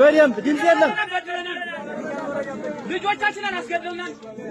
Benim, b e n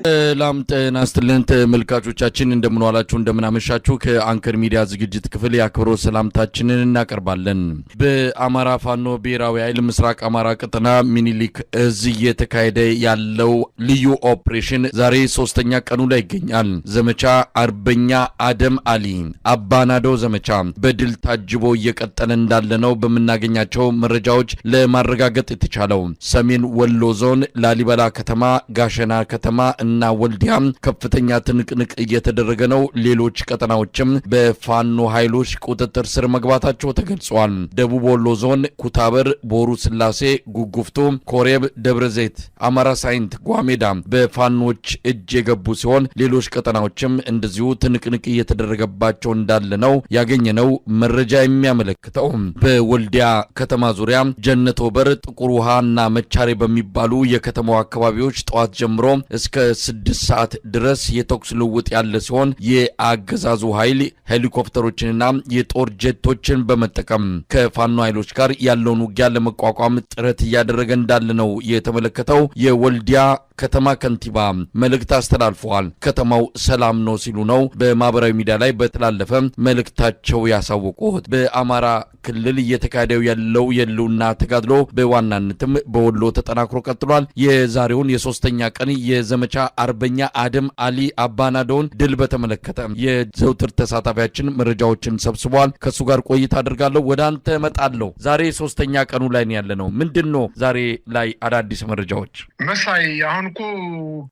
ሰላም ጤና ይስጥልን ተመልካቾቻችን፣ እንደምንዋላችሁ እንደምናመሻችሁ። ከአንከር ሚዲያ ዝግጅት ክፍል የአክብሮ ሰላምታችንን እናቀርባለን። በአማራ ፋኖ ብሔራዊ ኃይል ምስራቅ አማራ ቀጠና ሚኒሊክ እዝ እየተካሄደ ያለው ልዩ ኦፕሬሽን ዛሬ ሶስተኛ ቀኑ ላይ ይገኛል። ዘመቻ አርበኛ አደም አሊ አባናዶ ዘመቻ በድል ታጅቦ እየቀጠለ እንዳለ ነው በምናገኛቸው መረጃዎች ለማረጋገጥ የተቻለው ሰሜን ወሎ ዞን ላሊበላ ከተማ፣ ጋሸና ከተማ እና ወልዲያ ከፍተኛ ትንቅንቅ እየተደረገ ነው። ሌሎች ቀጠናዎችም በፋኖ ኃይሎች ቁጥጥር ስር መግባታቸው ተገልጿል። ደቡብ ወሎ ዞን ኩታበር፣ ቦሩ ስላሴ፣ ጉጉፍቱ፣ ኮሬብ፣ ደብረ ዘይት አማራ ሳይንት፣ ጓሜዳ በፋኖች እጅ የገቡ ሲሆን ሌሎች ቀጠናዎችም እንደዚሁ ትንቅንቅ እየተደረገባቸው እንዳለ ነው ያገኘነው መረጃ የሚያመለክተው። በወልዲያ ከተማ ዙሪያ ጀነቶ በር፣ ጥቁር ውሃና መቻሬ በሚባሉ የከተማው አካባቢ አካባቢዎች ጠዋት ጀምሮ እስከ ስድስት ሰዓት ድረስ የተኩስ ልውውጥ ያለ ሲሆን የአገዛዙ ኃይል ሄሊኮፕተሮችንና የጦር ጀቶችን በመጠቀም ከፋኖ ኃይሎች ጋር ያለውን ውጊያ ለመቋቋም ጥረት እያደረገ እንዳለ ነው የተመለከተው። የወልዲያ ከተማ ከንቲባ መልእክት አስተላልፈዋል። ከተማው ሰላም ነው ሲሉ ነው በማህበራዊ ሚዲያ ላይ በተላለፈ መልእክታቸው ያሳወቁት። በአማራ ክልል እየተካሄደው ያለው የህልውና ተጋድሎ በዋናነትም በወሎ ተጠናክሮ ቀጥሏል። የዛሬውን ያለፈውን የሶስተኛ ቀን የዘመቻ አርበኛ አደም አሊ አባናዶን ድል በተመለከተ የዘውትር ተሳታፊያችን መረጃዎችን ሰብስቧል ከእሱ ጋር ቆይታ አድርጋለሁ። ወደ አንተ እመጣለሁ። ዛሬ ሶስተኛ ቀኑ ላይ ያለ ነው። ምንድን ነው ዛሬ ላይ አዳዲስ መረጃዎች? መሳይ አሁን እኮ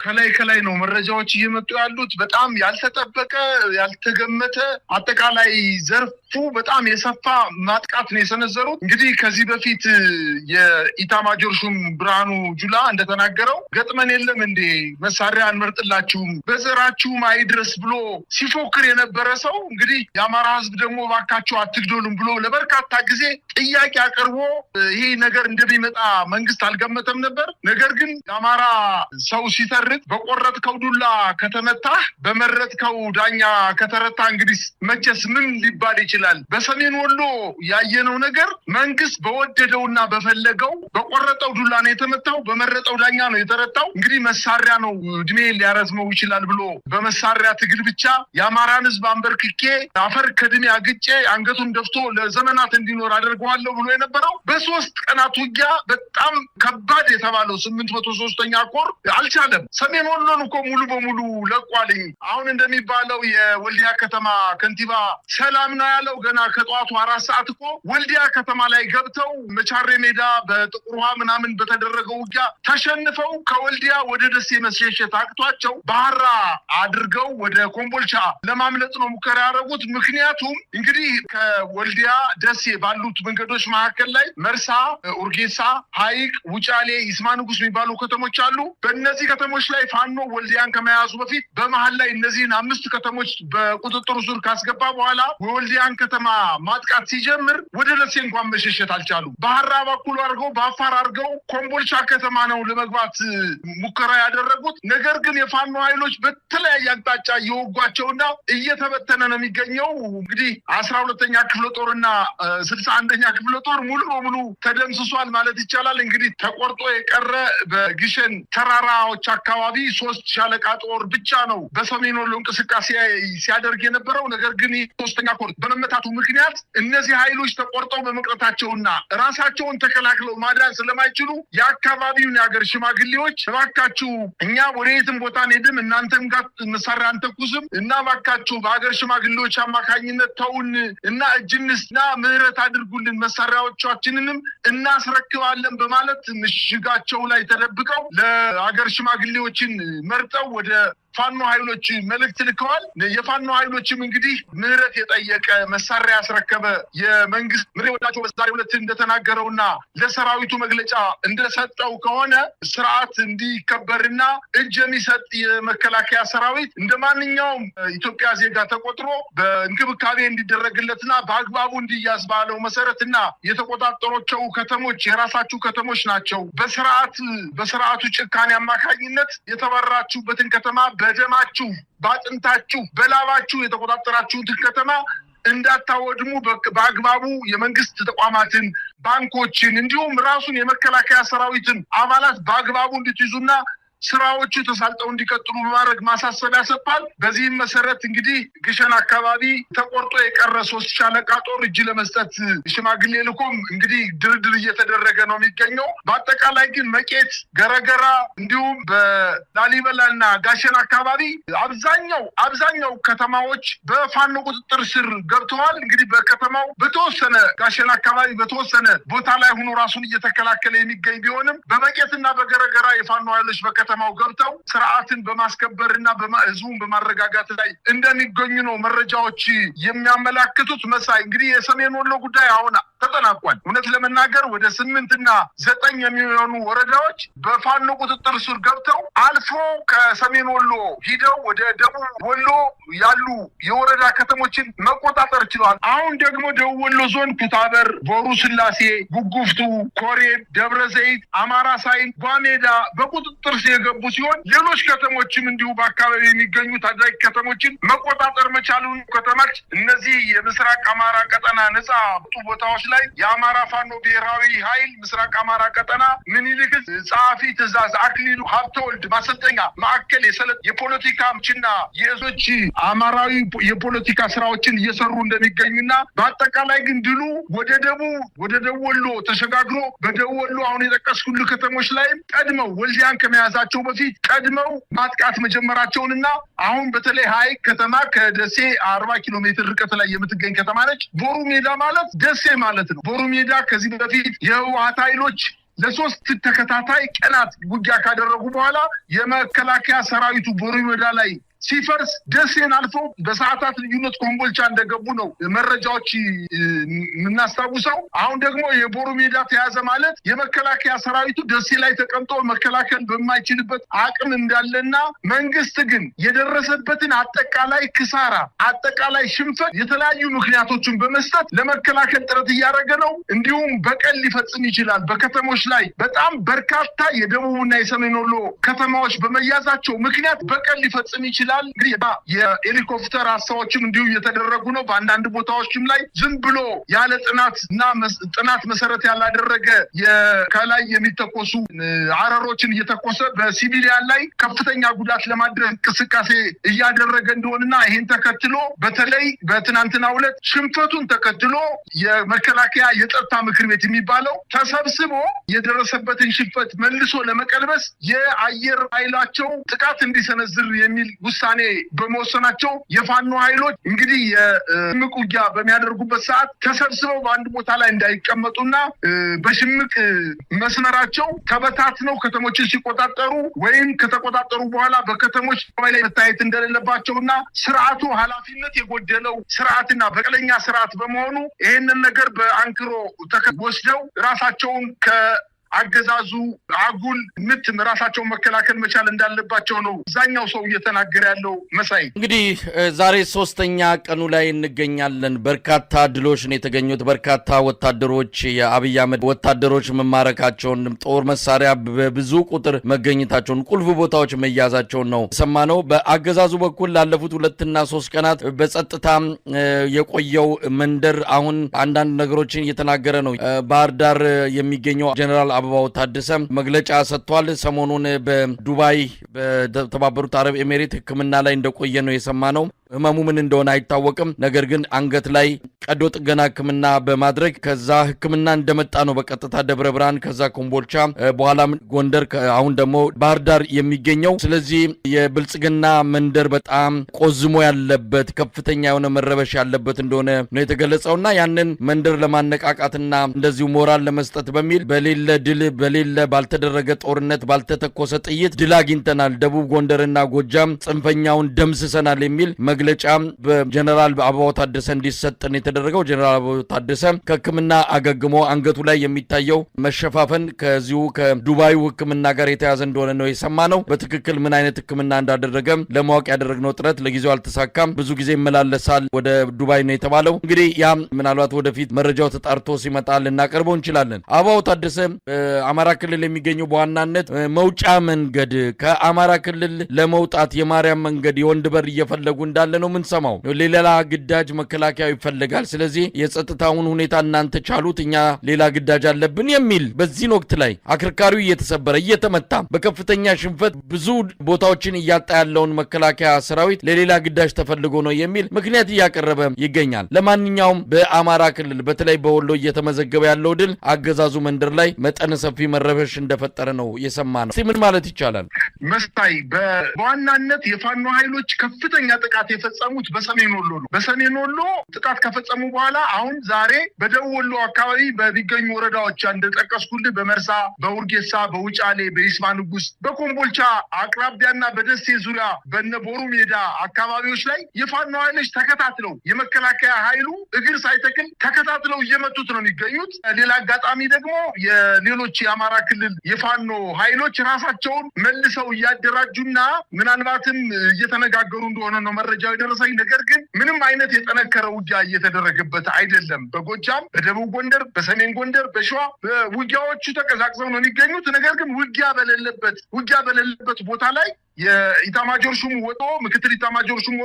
ከላይ ከላይ ነው መረጃዎች እየመጡ ያሉት። በጣም ያልተጠበቀ ያልተገመተ አጠቃላይ ዘርፍ በጣም የሰፋ ማጥቃት ነው የሰነዘሩት። እንግዲህ ከዚህ በፊት የኢታማጆር ሹም ብርሃኑ ጁላ እንደተናገረው ገጥመን የለም እንዴ መሳሪያ አንመርጥላችሁም በዘራችሁም አይድረስ ብሎ ሲፎክር የነበረ ሰው እንግዲህ የአማራ ህዝብ ደግሞ እባካችሁ አትግደሉም ብሎ ለበርካታ ጊዜ ጥያቄ አቅርቦ ይሄ ነገር እንደሚመጣ መንግስት አልገመተም ነበር። ነገር ግን የአማራ ሰው ሲተርት በቆረጥከው ዱላ ከተመታህ በመረጥከው ዳኛ ከተረታ እንግዲህ መቼስ ምን ሊባል ይችላል? ይላል። በሰሜን ወሎ ያየነው ነገር መንግስት በወደደውና በፈለገው በቆረጠው ዱላ ነው የተመታው፣ በመረጠው ዳኛ ነው የተረታው። እንግዲህ መሳሪያ ነው እድሜ ሊያረዝመው ይችላል ብሎ በመሳሪያ ትግል ብቻ የአማራን ህዝብ አንበርክኬ አፈር ከድሜ አግጬ አንገቱን ደፍቶ ለዘመናት እንዲኖር አደርገዋለሁ ብሎ የነበረው በሶስት ቀናት ውጊያ በጣም ከባድ የተባለው ስምንት መቶ ሶስተኛ ኮር አልቻለም። ሰሜን ወሎን እኮ ሙሉ በሙሉ ለቋልኝ። አሁን እንደሚባለው የወልዲያ ከተማ ከንቲባ ሰላም ነው ያለ ያለው ገና ከጠዋቱ አራት ሰዓት እኮ ወልዲያ ከተማ ላይ ገብተው መቻሬ ሜዳ በጥቁር ውሃ ምናምን በተደረገው ውጊያ ተሸንፈው ከወልዲያ ወደ ደሴ መሸሸት አቅቷቸው ባህራ አድርገው ወደ ኮምቦልቻ ለማምለጥ ነው ሙከራ ያደረጉት። ምክንያቱም እንግዲህ ከወልዲያ ደሴ ባሉት መንገዶች መካከል ላይ መርሳ፣ ኡርጌሳ፣ ሀይቅ፣ ውጫሌ፣ ይስማ ንጉስ የሚባሉ ከተሞች አሉ። በእነዚህ ከተሞች ላይ ፋኖ ወልዲያን ከመያዙ በፊት በመሀል ላይ እነዚህን አምስት ከተሞች በቁጥጥሩ ዙር ካስገባ በኋላ የወልዲያን የመቀለን ከተማ ማጥቃት ሲጀምር ወደ ደሴ እንኳን መሸሸት አልቻሉ። ባህራ በኩል አድርገው በአፋር አድርገው ኮምቦልቻ ከተማ ነው ለመግባት ሙከራ ያደረጉት። ነገር ግን የፋኖ ኃይሎች በተለያየ አቅጣጫ እየወጓቸውና እየተበተነ ነው የሚገኘው። እንግዲህ አስራ ሁለተኛ ክፍለ ጦርና ስልሳ አንደኛ ክፍለ ጦር ሙሉ በሙሉ ተደምስሷል ማለት ይቻላል። እንግዲህ ተቆርጦ የቀረ በግሸን ተራራዎች አካባቢ ሶስት ሻለቃ ጦር ብቻ ነው በሰሜን ወሎ እንቅስቃሴ ሲያደርግ የነበረው ነገር ግን ሶስተኛ ኮር በመመታቱ ምክንያት እነዚህ ኃይሎች ተቆርጠው በመቅረታቸውና ራሳቸውን ተከላክለው ማድረግ ስለማይችሉ የአካባቢውን የሀገር ሽማግሌዎች እባካችሁ እኛ ወደ የትም ቦታ አንሄድም፣ እናንተም ጋር መሳሪያ አንተኩስም እና እባካችሁ በሀገር ሽማግሌዎች አማካኝነት ተውን እና እጅንስና ምህረት አድርጉልን መሳሪያዎቻችንንም እናስረክባለን በማለት ምሽጋቸው ላይ ተደብቀው ለሀገር ሽማግሌዎችን መርጠው ወደ ፋኖ ኃይሎች መልእክት ልከዋል። የፋኖ ኃይሎችም እንግዲህ ምህረት የጠየቀ መሳሪያ ያስረከበ የመንግስት ምሬ ወዳቸው በዛሬው ዕለት እንደተናገረውና ለሰራዊቱ መግለጫ እንደሰጠው ከሆነ ስርዓት እንዲከበርና እጅ የሚሰጥ የመከላከያ ሰራዊት እንደ ማንኛውም ኢትዮጵያ ዜጋ ተቆጥሮ በእንክብካቤ እንዲደረግለትና በአግባቡ እንዲያዝ ባለው መሰረትና የተቆጣጠሯቸው ከተሞች የራሳችሁ ከተሞች ናቸው። በስርዓት በስርዓቱ ጭካኔ አማካኝነት የተባራችሁበትን ከተማ በደማችሁ በአጥንታችሁ በላባችሁ የተቆጣጠራችሁትን ከተማ እንዳታወድሙ በአግባቡ የመንግስት ተቋማትን፣ ባንኮችን፣ እንዲሁም ራሱን የመከላከያ ሰራዊትን አባላት በአግባቡ እንድትይዙና ስራዎቹ ተሳልጠው እንዲቀጥሉ በማድረግ ማሳሰብ ሰጥቷል። በዚህም መሰረት እንግዲህ ግሸን አካባቢ ተቆርጦ የቀረ ሶስት ሻለቃ ጦር እጅ ለመስጠት ሽማግሌ ልኮም እንግዲህ ድርድር እየተደረገ ነው የሚገኘው። በአጠቃላይ ግን መቄት፣ ገረገራ እንዲሁም በላሊበላና ጋሸን አካባቢ አብዛኛው አብዛኛው ከተማዎች በፋኖ ቁጥጥር ስር ገብተዋል። እንግዲህ በከተማው በተወሰነ ጋሸን አካባቢ በተወሰነ ቦታ ላይ ሆኖ ራሱን እየተከላከለ የሚገኝ ቢሆንም በመቄትና በገረገራ የፋኖ ኃይሎች በከተማ ከተማው ገብተው ስርዓትን በማስከበር እና ህዝቡን በማረጋጋት ላይ እንደሚገኙ ነው መረጃዎች የሚያመላክቱት። መሳይ እንግዲህ የሰሜን ወሎ ጉዳይ አሁን ተጠናቋል። እውነት ለመናገር ወደ ስምንትና ዘጠኝ የሚሆኑ ወረዳዎች በፋኖ ቁጥጥር ስር ገብተው አልፎ ከሰሜን ወሎ ሂደው ወደ ደቡብ ወሎ ያሉ የወረዳ ከተሞችን መቆጣጠር ችለዋል። አሁን ደግሞ ደቡብ ወሎ ዞን ኩታበር፣ ቦሩ ስላሴ፣ ጉጉፍቱ፣ ኮሬ፣ ደብረ ዘይት፣ አማራ ሳይን፣ ጓሜዳ በቁጥጥር ስር የገቡ ሲሆን ሌሎች ከተሞችም እንዲሁ በአካባቢ የሚገኙ ታዳጊ ከተሞችን መቆጣጠር መቻሉን ከተማች እነዚህ የምስራቅ አማራ ቀጠና ነጻ ወጡ ቦታዎች ላይ የአማራ ፋኖ ብሔራዊ ኃይል ምስራቅ አማራ ቀጠና ምኒልክ ጸሐፊ ትእዛዝ አክሊሉ ሀብተወልድ ማሰልጠኛ ማዕከል የሰለ የፖለቲካችና የእዞች አማራዊ የፖለቲካ ስራዎችን እየሰሩ እንደሚገኙና በአጠቃላይ ግን ድሉ ወደ ደቡብ ወደ ደወሎ ተሸጋግሮ በደወሎ አሁን የጠቀስኩልህ ከተሞች ላይም ቀድመው ወልዲያን ከመያዛ ከመጀመራቸው በፊት ቀድመው ማጥቃት መጀመራቸውንና አሁን በተለይ ሀይቅ ከተማ ከደሴ አርባ ኪሎ ሜትር ርቀት ላይ የምትገኝ ከተማ ነች። ቦሩ ሜዳ ማለት ደሴ ማለት ነው። ቦሩ ሜዳ ከዚህ በፊት የህወሓት ኃይሎች ለሶስት ተከታታይ ቀናት ውጊያ ካደረጉ በኋላ የመከላከያ ሰራዊቱ ቦሩ ሜዳ ላይ ሲፈርስ ደሴን አልፈው በሰዓታት ልዩነት ኮምቦልቻ እንደገቡ ነው መረጃዎች የምናስታውሰው። አሁን ደግሞ የቦሩ ሜዳ ተያዘ ማለት የመከላከያ ሰራዊቱ ደሴ ላይ ተቀምጦ መከላከል በማይችልበት አቅም እንዳለና መንግስት ግን የደረሰበትን አጠቃላይ ክሳራ፣ አጠቃላይ ሽንፈት የተለያዩ ምክንያቶችን በመስጠት ለመከላከል ጥረት እያደረገ ነው። እንዲሁም በቀል ሊፈጽም ይችላል። በከተሞች ላይ በጣም በርካታ የደቡብና የሰሜን ወሎ ከተማዎች በመያዛቸው ምክንያት በቀል ሊፈጽም ይችላል። ይላል። እንግዲህ የሄሊኮፕተር አሳዎችም እንዲሁ እየተደረጉ ነው። በአንዳንድ ቦታዎችም ላይ ዝም ብሎ ያለ ጥናት እና ጥናት መሰረት ያላደረገ ከላይ የሚተኮሱ አረሮችን እየተኮሰ በሲቪሊያን ላይ ከፍተኛ ጉዳት ለማድረስ እንቅስቃሴ እያደረገ እንደሆንና ይህን ተከትሎ በተለይ በትናንትና ሁለት ሽንፈቱን ተከትሎ የመከላከያ የጸጥታ ምክር ቤት የሚባለው ተሰብስቦ የደረሰበትን ሽንፈት መልሶ ለመቀልበስ የአየር ኃይላቸው ጥቃት እንዲሰነዝር የሚል ውሳ ውሳኔ በመወሰናቸው የፋኖ ኃይሎች እንግዲህ የሽምቅ ውጊያ በሚያደርጉበት ሰዓት ተሰብስበው በአንድ ቦታ ላይ እንዳይቀመጡና በሽምቅ መስመራቸው ተበታትነው ከተሞችን ሲቆጣጠሩ ወይም ከተቆጣጠሩ በኋላ በከተሞች ላይ መታየት እንደሌለባቸውና ስርዓቱ ኃላፊነት የጎደለው ስርዓትና በቀለኛ ስርዓት በመሆኑ ይህንን ነገር በአንክሮ ወስደው ራሳቸውን ከ አገዛዙ አጉል ምት ራሳቸውን መከላከል መቻል እንዳለባቸው ነው አብዛኛው ሰው እየተናገረ ያለው። መሳይ እንግዲህ ዛሬ ሶስተኛ ቀኑ ላይ እንገኛለን። በርካታ ድሎች ነው የተገኙት። በርካታ ወታደሮች የአብይ አህመድ ወታደሮች መማረካቸውን፣ ጦር መሳሪያ በብዙ ቁጥር መገኘታቸውን፣ ቁልፍ ቦታዎች መያዛቸውን ነው የሰማነው። በአገዛዙ በኩል ላለፉት ሁለትና ሶስት ቀናት በጸጥታ የቆየው መንደር አሁን አንዳንድ ነገሮችን እየተናገረ ነው። ባህር ዳር የሚገኘው ጀኔራል አበባው ታደሰ መግለጫ ሰጥቷል። ሰሞኑን በዱባይ በተባበሩት አረብ ኤሜሬት ሕክምና ላይ እንደቆየ ነው የሰማ ነው። ህመሙ ምን እንደሆነ አይታወቅም። ነገር ግን አንገት ላይ ቀዶ ጥገና ህክምና በማድረግ ከዛ ህክምና እንደመጣ ነው በቀጥታ ደብረ ብርሃን፣ ከዛ ኮምቦልቻ፣ በኋላም ጎንደር፣ አሁን ደግሞ ባህር ዳር የሚገኘው። ስለዚህ የብልጽግና መንደር በጣም ቆዝሞ ያለበት ከፍተኛ የሆነ መረበሽ ያለበት እንደሆነ ነው የተገለጸውና ያንን መንደር ለማነቃቃትና እንደዚሁ ሞራል ለመስጠት በሚል በሌለ ድል በሌለ ባልተደረገ ጦርነት ባልተተኮሰ ጥይት ድል አግኝተናል፣ ደቡብ ጎንደርና ጎጃም ጽንፈኛውን ደምስሰናል የሚል መግለ መግለጫ በጀነራል አበባው ታደሰ እንዲሰጥን የተደረገው ጀነራል አበባው ታደሰ ከህክምና አገግሞ አንገቱ ላይ የሚታየው መሸፋፈን ከዚሁ ከዱባዩ ህክምና ጋር የተያዘ እንደሆነ ነው የሰማ ነው። በትክክል ምን አይነት ህክምና እንዳደረገ ለማወቅ ያደረግነው ጥረት ለጊዜው አልተሳካም። ብዙ ጊዜ ይመላለሳል ወደ ዱባይ ነው የተባለው። እንግዲህ ያም ምናልባት ወደፊት መረጃው ተጣርቶ ሲመጣ ልናቀርበው እንችላለን። አበባው ታደሰ አማራ ክልል የሚገኘው በዋናነት መውጫ መንገድ ከአማራ ክልል ለመውጣት የማርያም መንገድ የወንድ በር እየፈለጉ እንዳለ እንዳለ ነው የምንሰማው። ሌላ ግዳጅ መከላከያ ይፈልጋል። ስለዚህ የጸጥታውን ሁኔታ እናንተ ቻሉት፣ እኛ ሌላ ግዳጅ አለብን የሚል በዚህን ወቅት ላይ አክርካሪው እየተሰበረ እየተመታ በከፍተኛ ሽንፈት ብዙ ቦታዎችን እያጣ ያለውን መከላከያ ሰራዊት ለሌላ ግዳጅ ተፈልጎ ነው የሚል ምክንያት እያቀረበ ይገኛል። ለማንኛውም በአማራ ክልል በተለይ በወሎ እየተመዘገበ ያለው ድል አገዛዙ መንደር ላይ መጠነ ሰፊ መረበሽ እንደፈጠረ ነው የሰማ ነው። ምን ማለት ይቻላል? መስታይ በዋናነት የፋኖ ኃይሎች ከፍተኛ ጥቃት የፈጸሙት በሰሜን ወሎ ነው። በሰሜን ወሎ ጥቃት ከፈጸሙ በኋላ አሁን ዛሬ በደቡብ ወሎ አካባቢ በሚገኙ ወረዳዎች እንደጠቀስኩልህ በመርሳ፣ በውርጌሳ፣ በውጫሌ፣ በይስማ ንጉስ፣ በኮምቦልቻ አቅራቢያና በደሴ ዙሪያ በነ ቦሩ ሜዳ አካባቢዎች ላይ የፋኖ ኃይሎች ተከታትለው የመከላከያ ኃይሉ እግር ሳይተክል ተከታትለው እየመቱት ነው የሚገኙት። ሌላ አጋጣሚ ደግሞ የሌሎች የአማራ ክልል የፋኖ ኃይሎች ራሳቸውን መልሰው እያደራጁና ምናልባትም እየተነጋገሩ እንደሆነ ነው መረጃ መረጃው የደረሰኝ ነገር ግን ምንም አይነት የጠነከረ ውጊያ እየተደረገበት አይደለም። በጎጃም፣ በደቡብ ጎንደር፣ በሰሜን ጎንደር፣ በሸዋ ውጊያዎቹ ተቀዛቅዘው ነው የሚገኙት። ነገር ግን ውጊያ በሌለበት ውጊያ በሌለበት ቦታ ላይ የኢታማጆር ሹም ወጦ ምክትል ኢታማጆር ሹም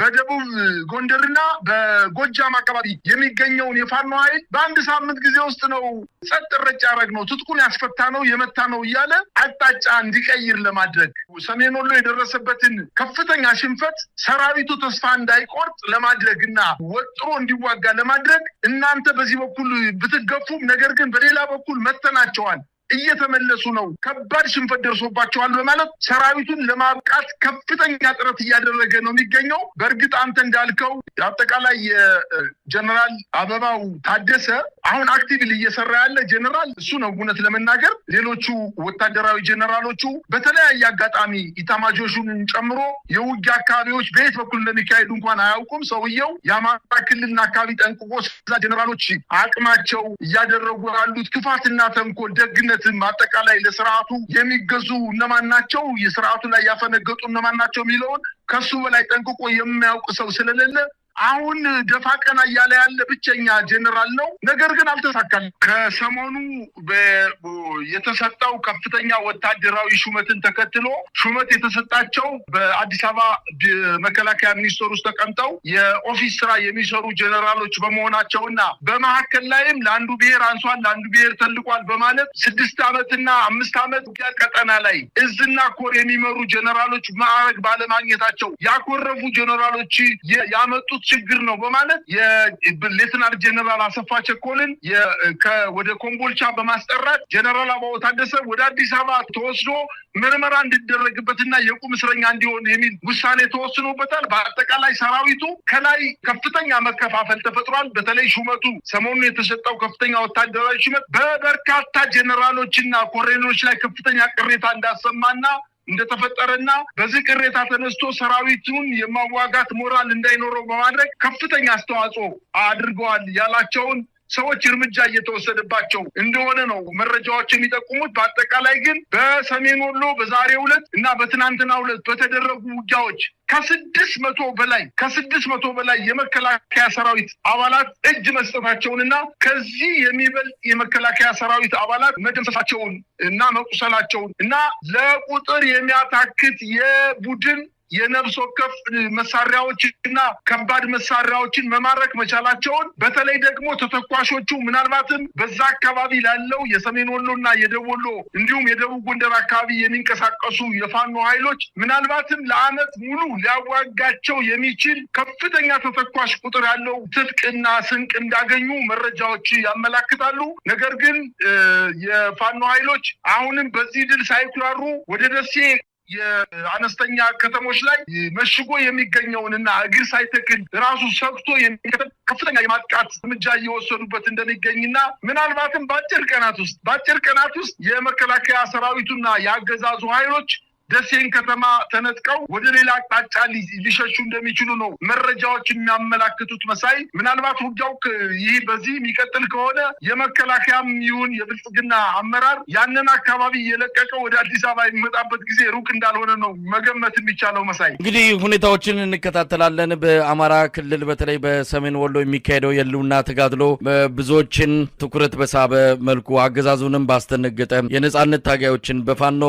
በደቡብ ጎንደርና በጎጃም አካባቢ የሚገኘውን የፋኖ ኃይል በአንድ ሳምንት ጊዜ ውስጥ ነው ጸጥ ረጭ ያደረግ ነው ትጥቁን ያስፈታ ነው የመታ ነው እያለ አቅጣጫ እንዲቀይር ለማድረግ ሰሜን ወሎ የደረሰበትን ከፍተኛ ሽንፈት ሰራዊቱ ተስፋ እንዳይቆርጥ ለማድረግ እና ወጥሮ እንዲዋጋ ለማድረግ እናንተ በዚህ በኩል ብትገፉም ነገር ግን በሌላ በኩል መተናቸዋል እየተመለሱ ነው፣ ከባድ ሽንፈት ደርሶባቸዋል በማለት ሰራዊቱን ለማብቃት ከፍተኛ ጥረት እያደረገ ነው የሚገኘው። በእርግጥ አንተ እንዳልከው አጠቃላይ የጀነራል አበባው ታደሰ አሁን አክቲቭሊ እየሰራ ያለ ጀነራል እሱ ነው። እውነት ለመናገር ሌሎቹ ወታደራዊ ጀነራሎቹ በተለያየ አጋጣሚ ኢታማጆሹን ጨምሮ የውጊ አካባቢዎች በየት በኩል እንደሚካሄዱ እንኳን አያውቁም። ሰውየው የአማራ ክልልና አካባቢ ጠንቅቆ ዛ ጀነራሎች አቅማቸው እያደረጉ ያሉት ክፋትና ተንኮል ደግነት ማለትም አጠቃላይ ለስርዓቱ የሚገዙ እነማን ናቸው፣ የስርዓቱ ላይ ያፈነገጡ እነማን ናቸው የሚለውን ከሱ በላይ ጠንቅቆ የሚያውቅ ሰው ስለሌለ አሁን ደፋ ቀና እያለ ያለ ብቸኛ ጀኔራል ነው። ነገር ግን አልተሳካል። ከሰሞኑ የተሰጠው ከፍተኛ ወታደራዊ ሹመትን ተከትሎ ሹመት የተሰጣቸው በአዲስ አበባ መከላከያ ሚኒስቴር ውስጥ ተቀምጠው የኦፊስ ስራ የሚሰሩ ጀኔራሎች በመሆናቸው እና በመካከል ላይም ለአንዱ ብሔር አንሷል፣ ለአንዱ ብሔር ተልቋል በማለት ስድስት ዓመትና አምስት ዓመት ውጊያ ቀጠና ላይ እዝና ኮር የሚመሩ ጀኔራሎች ማዕረግ ባለማግኘታቸው ያኮረፉ ጀኔራሎች ያመጡት ችግር ነው በማለት የሌትናር ጀነራል አሰፋ ቸኮልን ወደ ኮምቦልቻ በማስጠራት ጀነራል አበባው ታደሰ ወደ አዲስ አበባ ተወስዶ ምርመራ እንዲደረግበትና የቁም እስረኛ እንዲሆን የሚል ውሳኔ ተወስኖበታል። በአጠቃላይ ሰራዊቱ ከላይ ከፍተኛ መከፋፈል ተፈጥሯል። በተለይ ሹመቱ ሰሞኑ የተሰጠው ከፍተኛ ወታደራዊ ሹመት በበርካታ ጀነራሎችና ኮሬኖች ላይ ከፍተኛ ቅሬታ እንዳሰማና እንደተፈጠረና በዚህ ቅሬታ ተነስቶ ሰራዊቱን የማዋጋት ሞራል እንዳይኖረው በማድረግ ከፍተኛ አስተዋጽኦ አድርገዋል ያላቸውን ሰዎች እርምጃ እየተወሰደባቸው እንደሆነ ነው መረጃዎች የሚጠቁሙት። በአጠቃላይ ግን በሰሜን ወሎ በዛሬው ዕለት እና በትናንትናው ዕለት በተደረጉ ውጊያዎች ከስድስት መቶ በላይ ከስድስት መቶ በላይ የመከላከያ ሰራዊት አባላት እጅ እና ከዚህ የሚበልጥ የመከላከያ ሰራዊት አባላት መደምሰሳቸውን እና መቁሰላቸውን እና ለቁጥር የሚያታክት የቡድን የነፍስ ወከፍ መሳሪያዎችና ከባድ መሳሪያዎችን መማረክ መቻላቸውን በተለይ ደግሞ ተተኳሾቹ ምናልባትም በዛ አካባቢ ላለው የሰሜን ወሎ እና የደቡብ ወሎ እንዲሁም የደቡብ ጎንደር አካባቢ የሚንቀሳቀሱ የፋኖ ኃይሎች ምናልባትም ለአመት ሙሉ ሊያዋጋቸው የሚችል ከፍተኛ ተተኳሽ ቁጥር ያለው ትጥቅና ስንቅ እንዳገኙ መረጃዎች ያመላክታሉ። ነገር ግን የፋኖ ኃይሎች አሁንም በዚህ ድል ሳይኩራሩ ወደ ደሴ የአነስተኛ ከተሞች ላይ መሽጎ የሚገኘውንና እግር ሳይተክል ራሱ ሰግቶ ከፍተኛ የማጥቃት እርምጃ እየወሰዱበት እንደሚገኝና ምናልባትም በአጭር ቀናት ውስጥ በአጭር ቀናት ውስጥ የመከላከያ ሰራዊቱና የአገዛዙ ኃይሎች ደሴን ከተማ ተነጥቀው ወደ ሌላ አቅጣጫ ሊሸሹ እንደሚችሉ ነው መረጃዎች የሚያመላክቱት። መሳይ ምናልባት ውጊያው ይህ በዚህ የሚቀጥል ከሆነ የመከላከያም ይሁን የብልጽግና አመራር ያንን አካባቢ እየለቀቀ ወደ አዲስ አበባ የሚመጣበት ጊዜ ሩቅ እንዳልሆነ ነው መገመት የሚቻለው። መሳይ እንግዲህ ሁኔታዎችን እንከታተላለን። በአማራ ክልል በተለይ በሰሜን ወሎ የሚካሄደው የህልውና ተጋድሎ ብዙዎችን ትኩረት በሳበ መልኩ አገዛዙንም ባስተነገጠ የነጻነት ታጋዮችን በፋኖ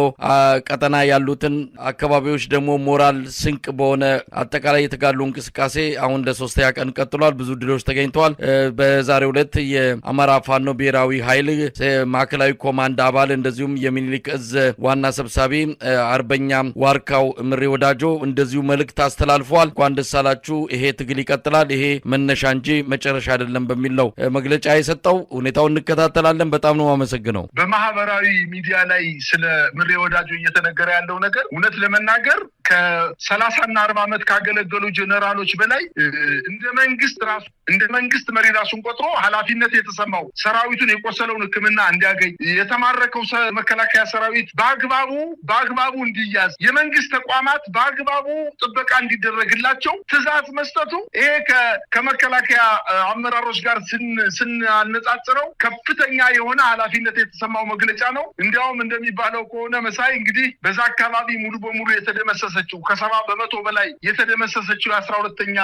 ቀጠና ያሉ ያሉትን አካባቢዎች ደግሞ ሞራል ስንቅ በሆነ አጠቃላይ የተጋሉ እንቅስቃሴ አሁን ለሶስተኛ ቀን ቀጥሏል። ብዙ ድሎች ተገኝተዋል። በዛሬው ዕለት የአማራ ፋኖ ብሔራዊ ኃይል ማዕከላዊ ኮማንድ አባል እንደዚሁም የሚኒሊክ እዝ ዋና ሰብሳቢ አርበኛ ዋርካው ምሬ ወዳጆ እንደዚሁ መልእክት አስተላልፏል። እንኳን ደስ አላችሁ፣ ይሄ ትግል ይቀጥላል፣ ይሄ መነሻ እንጂ መጨረሻ አይደለም በሚል ነው መግለጫ የሰጠው። ሁኔታውን እንከታተላለን። በጣም ነው አመሰግነው። በማህበራዊ ሚዲያ ላይ ስለ ምሬ ወዳጆ እየተነገረ ያለው ነገር እውነት ለመናገር ከሰላሳና አርባ ዓመት ካገለገሉ ጀኔራሎች በላይ እንደ መንግስት ራሱ እንደ መንግስት መሪ ራሱን ቆጥሮ ኃላፊነት የተሰማው ሰራዊቱን የቆሰለውን ሕክምና እንዲያገኝ የተማረከው መከላከያ ሰራዊት በአግባቡ በአግባቡ እንዲያዝ የመንግስት ተቋማት በአግባቡ ጥበቃ እንዲደረግላቸው ትእዛዝ መስጠቱ ይሄ ከመከላከያ አመራሮች ጋር ስናነጻጽረው ከፍተኛ የሆነ ኃላፊነት የተሰማው መግለጫ ነው። እንዲያውም እንደሚባለው ከሆነ መሳይ እንግዲህ በዛ አካባቢ ሙሉ በሙሉ የተደመሰሰችው ከሰባ በመቶ በላይ የተደመሰሰችው የአስራ ሁለተኛ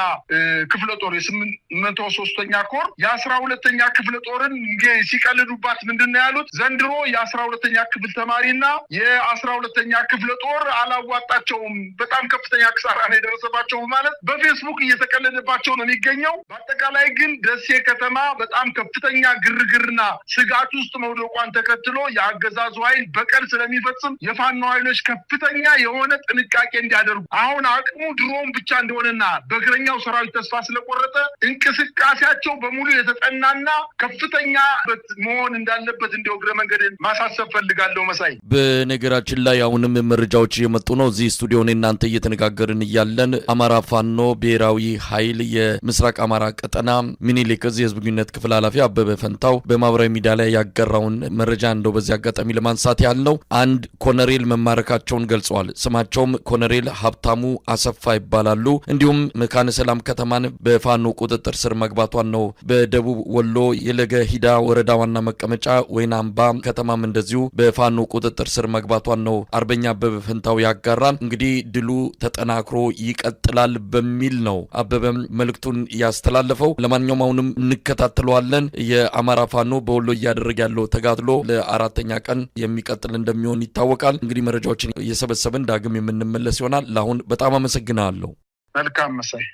ክፍለ ጦር የስምንት መቶ ሶስተኛ ኮር የአስራ ሁለተኛ ክፍለ ጦርን ሲቀልዱባት ምንድነው ያሉት? ዘንድሮ የአስራ ሁለተኛ ክፍል ተማሪና የአስራ ሁለተኛ ክፍለ ጦር አላዋጣቸውም፣ በጣም ከፍተኛ ክሳራ ነው የደረሰባቸው ማለት በፌስቡክ እየተቀለደባቸው ነው የሚገኘው። በአጠቃላይ ግን ደሴ ከተማ በጣም ከፍተኛ ግርግርና ስጋት ውስጥ መውደቋን ተከትሎ የአገዛዙ ኃይል በቀል ስለሚፈጽም የፋኖ ኃይሎች ከፍ ከፍተኛ የሆነ ጥንቃቄ እንዲያደርጉ አሁን አቅሙ ድሮን ብቻ እንደሆነና በእግረኛው ሰራዊት ተስፋ ስለቆረጠ እንቅስቃሴያቸው በሙሉ የተጠናና ከፍተኛ መሆን እንዳለበት እንዲ እግረ መንገድን ማሳሰብ ፈልጋለሁ። መሳይ፣ በነገራችን ላይ አሁንም መረጃዎች እየመጡ ነው። እዚህ ስቱዲዮን እናንተ እየተነጋገርን እያለን አማራ ፋኖ ብሔራዊ ኃይል የምስራቅ አማራ ቀጠና ሚኒሊክ እዝ የህዝብ ግንኙነት ክፍል ኃላፊ አበበ ፈንታው በማህበራዊ ሚዲያ ላይ ያገራውን መረጃ እንደው በዚህ አጋጣሚ ለማንሳት ያልነው አንድ ኮነሬል መማረካቸው መሆናቸውን ገልጸዋል። ስማቸውም ኮነሬል ሀብታሙ አሰፋ ይባላሉ። እንዲሁም መካነ ሰላም ከተማን በፋኖ ቁጥጥር ስር መግባቷን ነው። በደቡብ ወሎ የለገ ሂዳ ወረዳ ዋና መቀመጫ ወይና አምባ ከተማም እንደዚሁ በፋኖ ቁጥጥር ስር መግባቷን ነው አርበኛ አበበ ፈንታው ያጋራል። እንግዲህ ድሉ ተጠናክሮ ይቀጥላል በሚል ነው አበበም መልእክቱን ያስተላለፈው። ለማንኛውም አሁንም እንከታተለዋለን። የአማራ ፋኖ በወሎ እያደረገ ያለው ተጋድሎ ለአራተኛ ቀን የሚቀጥል እንደሚሆን ይታወቃል። እንግዲህ መረጃዎችን እየሰበሰብን ዳግም የምንመለስ ይሆናል። ለአሁን በጣም አመሰግናለሁ። መልካም መሳይ